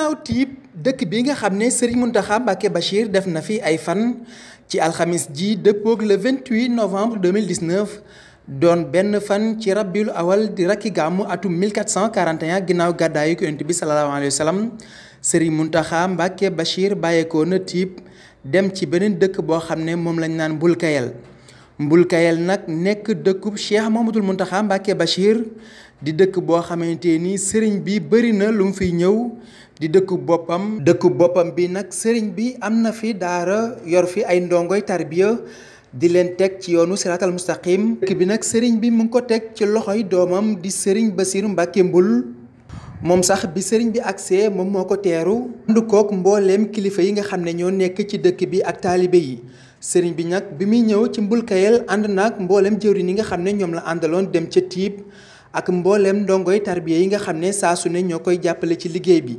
ginnaaw tiib dëkk bi nga xam ne Serigne Mountakha Mbacké Bachir def na fi ay fan ci alxamis ji dëppoog le 28 novembre 2019 doon benn fan ci rabiul awal di rakki gàmmu atum 1441 ginnaaw gàddaayu ko yonent bi sallallahu alayhi wa sallam Serigne Mountakha Mbacké Bachir bàyyeekoo na tiib dem ci beneen dëkk boo xam ne moom lañ naan Mbul Kayel Mbul nag nekk dëkku Cheikh Mamadou Mountakha Mbacké Bachir di dëkk boo xamante ni sëriñ bi bëri na lu mu fiy ñëw di dëkku boppam dëkku boppam bi nag sëriñ bi am na fi daara yor fi ay ndongoy tarbiya di leen teg ci yoonu siraatal mustaqim dëkk bi nag sëriñ bi mu ngi ko teg ci loxoy doomam di sëriñ Basiru Mbàkke Mbul moom sax bi sëriñ bi agsee moom moo ko teeru ànd kook mbooleem kilifa yi nga xam ne ñoo nekk ci dëkk bi ak taalibe yi sëriñ bi nag bi muy ñëw ci mbul ànd nag mbooleem jëwriñ yi nga xam ne ñoom la àndaloon dem ca tiib ak mbooleem ndongoy tarbiya yi nga xam ne saa su ñoo koy jàppale ci liggéey bi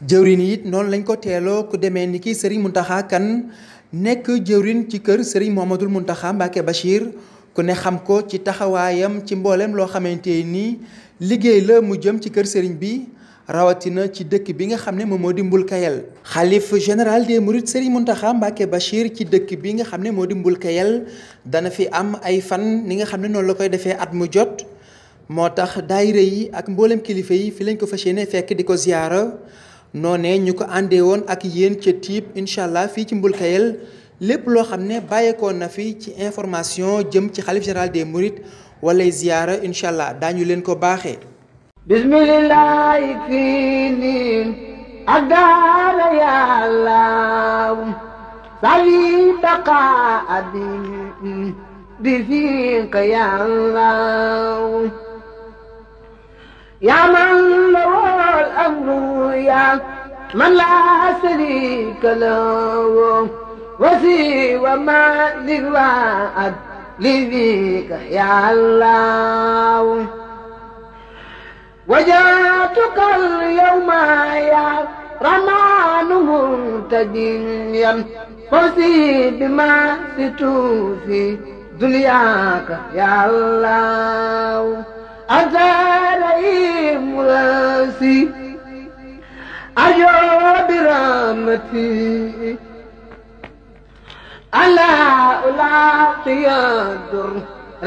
jëwrin yit noonu lañ ko teeloo ku demee ni ki Serigne Mountakha kan nekk jëwrin ci kër Serigne Mouhamadoul Mountakha Mbacké Bachir ku ne xam ko ci taxawaayam ci mbooleem loo xamante ni liggéey la mu jëm ci kër Serigne bi rawatina ci dëkk bi nga xam ne moom moo di Mbul Kayel xalif général des Mourides Serigne Mountakha Mbacké Bachir ci dëkk bi nga xam ne moo di Kayel dana fi am ay fan ni nga xam ne noonu la koy defee at mu jot moo tax daayira yi ak mboolem kilifa yi fi lañ ko fas yéene fekk di ko ziyaara noonee ñu ko àndee woon ak yéen ca tiib incha allah fii ci mbulkayel lépp loo xam ne bàyyeekoon na fi ci information jëm ci xalif général des mourides wala ziyaara incha allah daañu leen ko baaxee bismillahi fii niin ak daara yàllaw sali baqa abi bi fiq yàllaw yaa man أولياء من لا شريك له وسوى ما للوعد لذيك يا الله وجاتك اليوم يا رمان منتديا فوزي بما ستوفي دنياك يا الله أنت رئيم راسي أيوا برامتي ألا ألاقي ضرا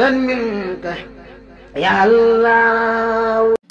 منك يا الله